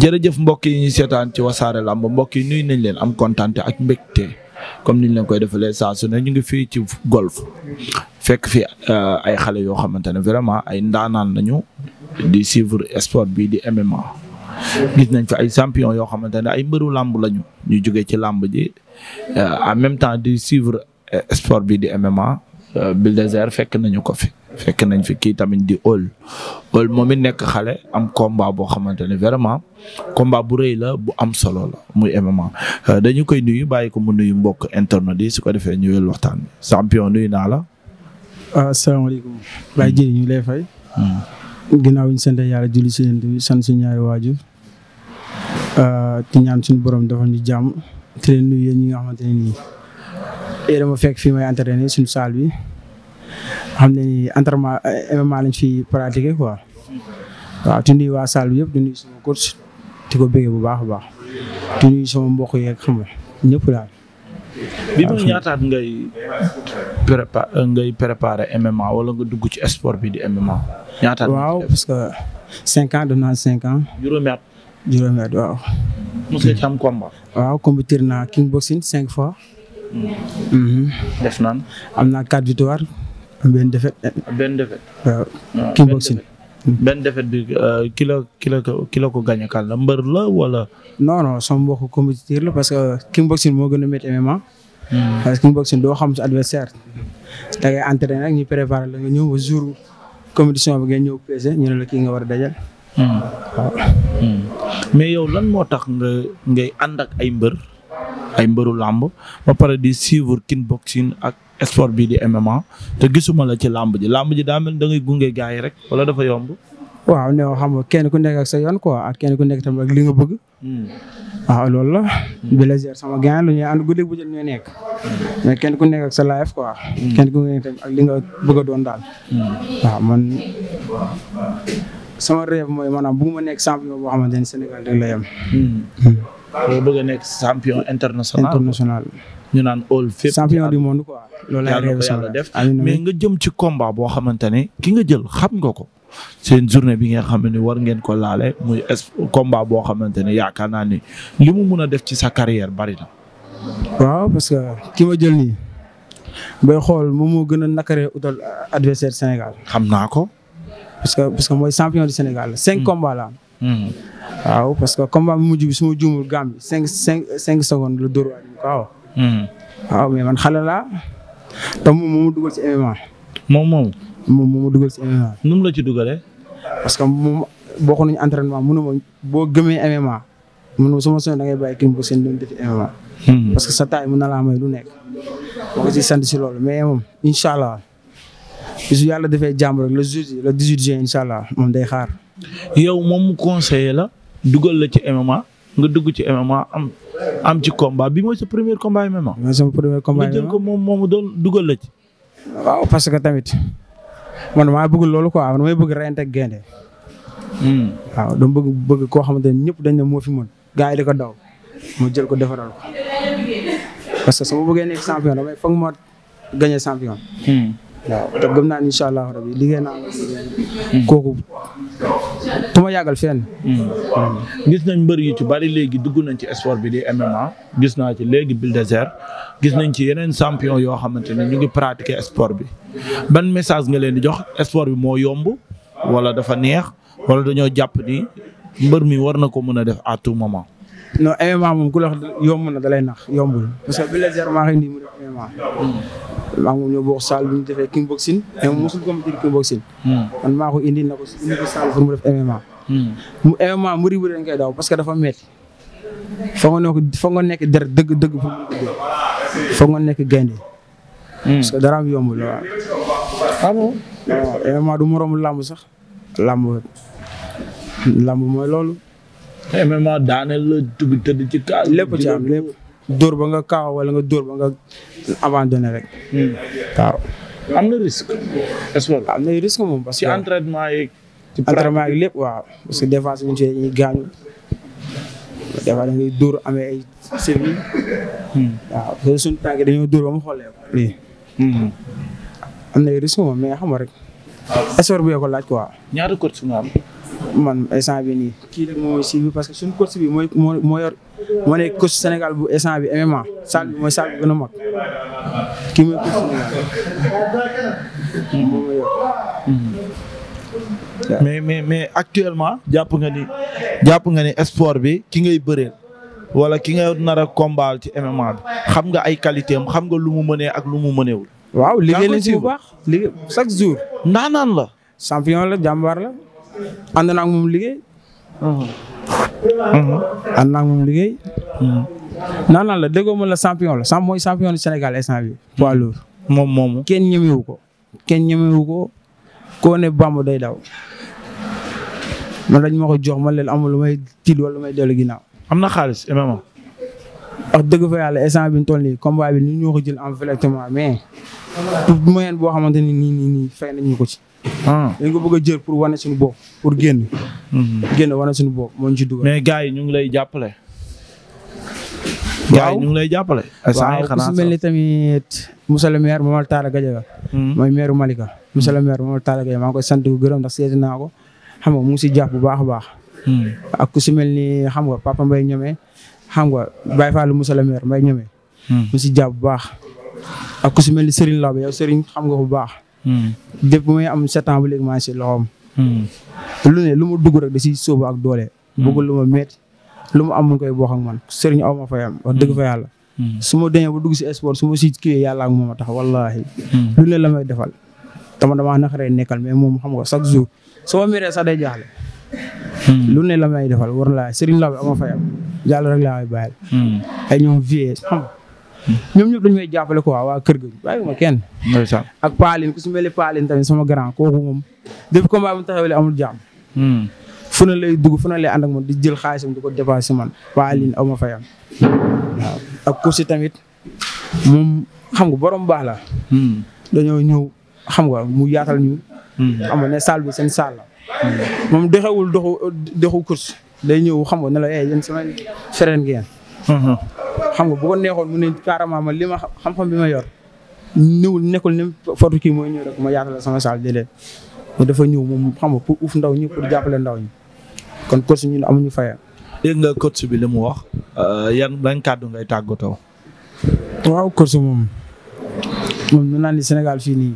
jërëjëf mbokk yi ñu seetaan ci wasaare làmb mbokk yi nuyu nañ leen am kontaan ak mbégte comme niñ leen koy defalee saa su ne ñu ngi fii ci golf fekk fi euh, ay xale yoo xamante ne vraiment ay ndaanaan lañu di suivre sport bi di MMA gis nañ fi ay champion yoo xamante ne ay mbëru làmb lañu ñu jógee ci làmb ji euh, en même temps di suivre euh, sport bi di MMA Bulldozer fekk nañu ko fi fekk nañ fi kii tamit di ol ol moom it nekk xale am combat boo xamante ne vraiment combat bu rëy la bu am solo la muy MMA euh, dañu koy nuyu bàyyi ko mu nuyu mbokk internet di su ko defee ñu wel waxtaan bi champion nuyu naa la. Ah, asalaamaaleykum. Baye Dieng ñu lay fay. Hmm. ginnaaw bi ñu yàlla julli si leen sant suñu ñaari waajur euh, di ñaan suñu borom dafa ñu jàmm te nuyu yéen ñi nga xamante ne nii. yéen a fekk fii may entraîné suñu salle bi. xam na ni entraînement euh, MMA lañ fi pratiquer quoi waaw di waa salle bi yëpp di nuyu sama coach di ko bëggee bu baax a baax di nuyu sama mbokk yeeg xam nga ñëpp daal. bi mu ñaataat ngay prépa euh, MMA wala nga dugg ci sport bi di MMA. ñaataat waaw parce que cinq ans def naa cinq ans. juróomi at. waaw. mos nga ci am cinq fois. Hmm. Mhm. def naan naa quatre victoires. benn defet. benn defet. Ah, benn defet bi ah, kilo la ki ko ki la la mbër la wala. non non sama mbokku la parce que kickboxing moo gën a métti MMA. parce que kickboxing doo xam sa adversaire. da ngay entraîné rek ñu préparé la nga ñëw ba jour compétition bi ngeen ñëw pesé ñu ne la kii nga war a dajal. Hmm. Hmm. mais yow lan moo tax ngay ànd ak ay mbër ay mbëru làmb ba pare di suivre kickboxing ak. sport bii di MMA te gisuma la ci làmb ji làmb ji daa mel gunge gars yi rek wala dafa yomb. waaw ne xam nga kenn ku nekk ak sa yoon quoi ak kenn ku nekk tamit ak li nga bëgg. Hmm. loolu la. Hmm. bi la gère sama gain lu ñuy ànd guddi bu jël ñooy nekk. Hmm. mais kenn ku nekk ak sa life quoi. kenn ku nekk ak li nga bëgg a doon daal. wa man sama rêve mooy maanaam bëgguma nekk champion boo xamante ne Sénégal rek la yem. bëgg a nekk champion international. ñu naan all fépp. champion du monde quoi. loolu lay réew yàlla def mais nga jëm ci combat boo xamante ne ki nga jël xam nga ko. sen journée bi nga xam ne war ngeen ko laale muy es combat boo xamante ne yaakaar naa ni li mu mun a def ci sa carrière bari na. waaw parce que ki ma jël nii bay xool moom moo gën a nakaree utal adversaire Sénégal. xam naa ko. parce que parce que mooy champion du Sénégal. cinq mm. combats la mm. waaw parce que combat bi mujj bi ma juumul Gambie cinq cinq cinq secondes la dóor Hmm. waaw mais man xale laa te moom moo ma dugal ci MMA. moom moom. moom moo ma dugal ci MMA. nu mu la ci dugalee. parce que moom bokk nañu entraînement mënu ma boo gëmee MMA mënu sama soxna da ngay bàyyi kii mu seen doon def MMA. Hmm. parce que sa taay mën na laa may lu nekk. boo ko ci sant si loolu mais moom incha allah bisu yàlla defee jàmm rek le jeudi le 18 juin incha allah moom day xaar. yow moom mu conseillé la dugal la ci MMA nga dugg ci MMA am am ci combat bi mooy sa premier combat MMA. mooy sama premier combat MMA jël ko moom moomu doon dugal la ci. waaw parce que tamit man maa bëgg loolu quoi man may bëgg reyante ak gaynde. Hmm. waaw dama bëgg bëgg koo xamante ne ñëpp dañ ne moo fi mën gars yi di ko daw ma jël ko defaral ko parce que sama bëggee nekk champion damay foog ma gagné champion. Hmm. waaw te gëm naa incha allah rabi liggéey naa hmm. kooku du ma yàggal fenn. Hmm. gis nañ mbër yi ci bari léegi dugg nañ ci sport bi di MMA gis naa ci léegi Bulldozer gis nañ ci yeneen champion yoo xamante ne ñu ngi pratiquer sport bi ban message nga leen di jox sport bi moo yomb wala dafa neex wala dañoo jàpp ni mbër mi war na ko mën a def à tout moment. no MMA moom ku la yomb na da lay nax yombul parce que Bulldozer maa ngi nii mu def MMA. maa ngi ñoo bokk salle bi ñu defee kickboxing. Hmm. mais mosul compétir kickboxing. Hmm. man maa ko indi na ko indi ko mu def MMA. mu MMA mu ribu dañ parce que dafa metti fa nga nekk fa nga nekk der dëgg dëgg pour nga nekk gaynde. Hmm. parce que dara am yombul waaw. xam nga MMA loolu. MMA daaneel la tëdd ci kaas. lépp dóor ba nga kaaw walla nga dóor ba nga abandonné rek. waaw. Hmm. am na risque. sport am na risque moom parce que. ci entraînement yeeg. ci lépp waaw. parce que des fois suñu see dañuy gaañu. des amee ay semis. Hmm. waaw parce que suñu tànk dañoo dóor ba mu xoolee lii. Hmm. am na risque moom mais xam nga rek. sport bi ko laaj quoi. ñaata coach nga man instant bi nii kii rek moo suivi parce que suñu coach bi mooy moo moo yor moo nekk Sénégal bu instant bi MMA salle bi mooy salle bi gën a mag kii mooy coach Sénégal mm-hmm. mais mais actuellement jàpp nga ni jàpp nga ni sport bi ki ngay bëreel wala ki nga nar a combat ci MMA bi xam nga ay qualité am xam nga lu mu mënee ak lu mu mëneewul. waaw liggéey nañ si bu baax liggéey chaque jour. ndaanaan la. champion la la. ànd naa ak moom liggéey. Mhm. Mhm. nan mhm. naa la déggoo ma la champion la sam mooy champion du Sénégal instant bi poids lourd moom moomu kenn ñemewu ko. kenn ñemewu ko koo ne bamb day daw. man dañ ma ko jox man leen amul lu may tiit wala lu may dellu ginnaaw. am na xaalis MMA. a dëgg fa yàlla instant bi ñu toll nii combat bi ni ñoo ko jël en directement mais moyen boo xamante ni nii nii nii fay nañ ko ci. Ah. dañ ko bëgg jël pour wane suñu bopp pour génn. Mhm. génn wane suñu bopp moo ñu ci dugal. mais gars yi ñu ngi lay jàppale. waaw gars yi ñu ngi lay jàppale. waaw ku si mel ni tamit monsieur le maire Mamadou Talla Gadiaga. Mhm. mooy meer Malika. Mhm. monsieur le maire Mamadou Talla Gadiaga maa ngi koy sant bu gërëm ndax seeti naa ko xam nga mu ngi si jàpp bu baax a baax. ak ku si mel ni xam nga papa Mbaye ñoome. xam nga Baye Fallou Moussa le maire may ñemee hmm. mu si jàpp bu baax ak ku si mel ni Serigne xam nga bu baax hmm. depuis may am sept ans ba léegi maa si loxoom hmm. lu ne lu ma dugg rek da si sóobu ak doole bëggul lu ma lu ma am mu koy bokk ak man Serigne aw ma su ma demee ba dugg si sport su si kiiwee yàlla ak moom tax wallaahi lu la may defal dama damaa naqaree nekkal mais moom xam nga chaque jour soo meree sax day jaaxle lu ne la may defal war laa Serigne Law ama fayam yàlla rek laa may bàyyil. Hmm. ay ñoom vie xam hmm. ñoom ñëpp dañu may jàppale quoi waa kër ga bàyyi ma kenn. ak Paalin ku su mel ni Paalin tamit sama grand kooku moom depuis combat bu taxawee amul jàmm. Hmm. fu na lay dugg fu na lay ànd ak di jël xaalisam di ko dépassé man Paalin aw ma fayam ak Kousi tamit moom xam nga borom baax la. dañoo ñëw xam nga mu yaatal ñu. xam ne salle bi seen salle moom doxewul doxu doxu course day ñëw xam nga ne la eh, yéen sama frère ngeen. Mhm. xam nga bu ko neexoon mu ne carrément ma li ma xam-xam bi ma yor niwul nekkul ne fortu kii mooy ñëw rek ma yaatal sama saal di leen dafa ñëw moom xam nga pour uuf ndaw ñi pour jàppale ndaw ñi kon coach ñun amuñu faya dégg nga coach bi li mu wax euh, yan lañ kàddu ngay tàggatoo. waaw coach moom moom ñu naan ni Sénégal fii nii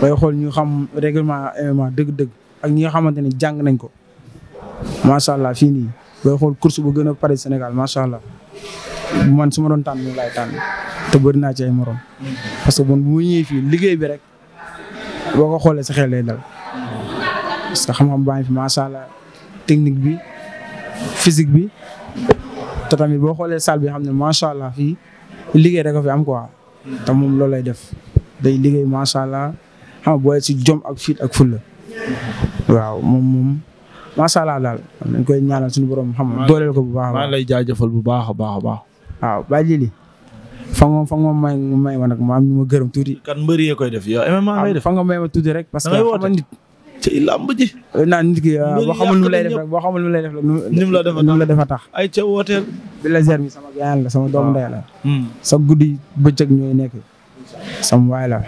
bay xool ñu xam règlement MMA dëgg-dëgg ak ñi nga xamante ne jàng nañ ko. macha allah fii nii booy xool course bu gën a pare Sénégal macha allah man su ma doon tànn moom laay tànn te bëri naa ci ay morom. parce que bon bu ma ñëwee fii liggéey bi rek boo ko xoolee sa xel dal parce que xam-xam baa ngi fi technique bi physique bi te tamit boo xoolee salle bi xam ne macha allah fii liggéey rek a fi am quoi. te moom loolu lay def day liggéey macha allah xam nga booy si jom ak fit ak fulla waaw moom. macha allah daal dañ koy ñaanal suñu borom xam dooleel ko bu baax a baax maa ngi lay jaajëfal bu baax a a baax. waaw Baye Djily may may ma nag ma am ma gërëm tuuti. kan mbër yee koy def yow MMA may def fa nga may ma tuuti rek. parce que xam nga nit. ci làmb ji. Eh, naan nit ki ah, boo xamul nu lay def rek boo xamul nu la def rek. la defa tax ni mu la defa tax. ay ca wooteel. bi la zer mi sama gaañ la sama doomu ah. ndey la. Hmm. sa guddi bëccëg ñooy nekk. sama waay la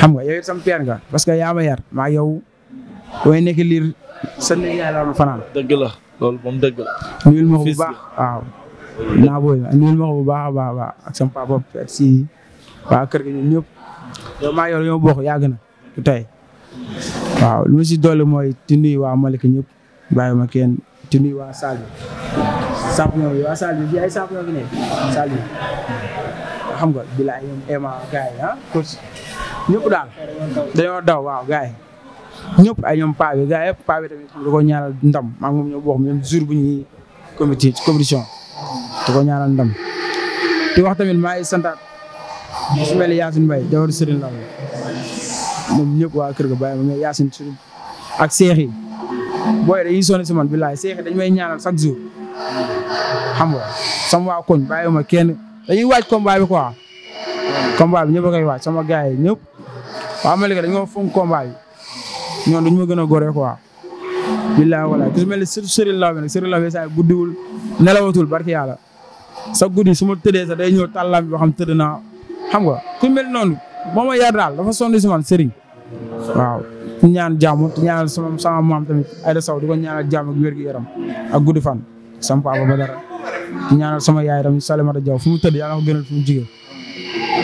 xam nga yow it sama père nga parce que yaa ma yow way nekk liir sa néeg yaay la fanaan. dëgg la loolu moom bu baax waaw. naa booy nuyul ma ko bu baax a baax a baax ak sama papa si waa kër gi ñun ñëpp yow maa yor yàgg na waaw lu ma si dolli mooy di nuyu waa Malika ñëpp bàyyi ma kenn di nuyu waa Saal bi champion bi waa Saal bi bi ay champion bi ne Saal bi xam nga bilaay ah, daal dañoo daw waaw gars ñëpp ay ñoom paa bi gars yëpp paa bi tamit da ñaanal ndam maa ngi moom ñoo bokk même jour bu ñuy comité compétition da ko ñaanal ndam di wax tamit maa ngi santaat su mel ni Yacine Mbaye jawar Serigne la waa kër ga bàyyi ma mais ak seex yi booy dañuy sonn man billaay seex yi may ñaanal chaque jour xam nga sama waa koñ bàyyi ma kenn dañuy waaj combat bi quoi combat bi ñëpp a waaj sama gars yi ñëpp waa Malika dañoo fonk combat bi ñoom duñ ma gën a gore quoi. billaahi walaay ku si mel ni surtout Serigne Law bi nag Serigne Law bi saa guddiwul nelawatul barki yàlla sa guddi suma ma tëddee sax day ñëw tàllam bi ba xam tëdd naa xam nga ku mel noonu moo ma yar daal dafa sonn si man Serigne waaw. ñaan jàmm ñaanal sama sama maam tamit Aïda Sow di ko ñaanal jàmm ak wér-gu-yaram ak guddi fan sama papa ba dara ñaanal sama yaay tamit Salimata Diaw fu mu tëdd yàlla ko gënal fu mu jigéen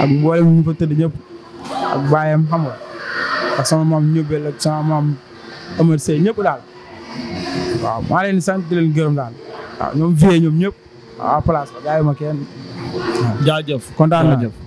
ak mboolem ñu fa tëdd ñëpp ak baayam ak sama maam ñëbbel ak sama maam Amar Sey ñëpp daal waaw maa leen di sant di leen gërëm daal waaw ñoom vie ñoom ñëpp waaw place ba jaayuma kenn jaajëf kontaan naa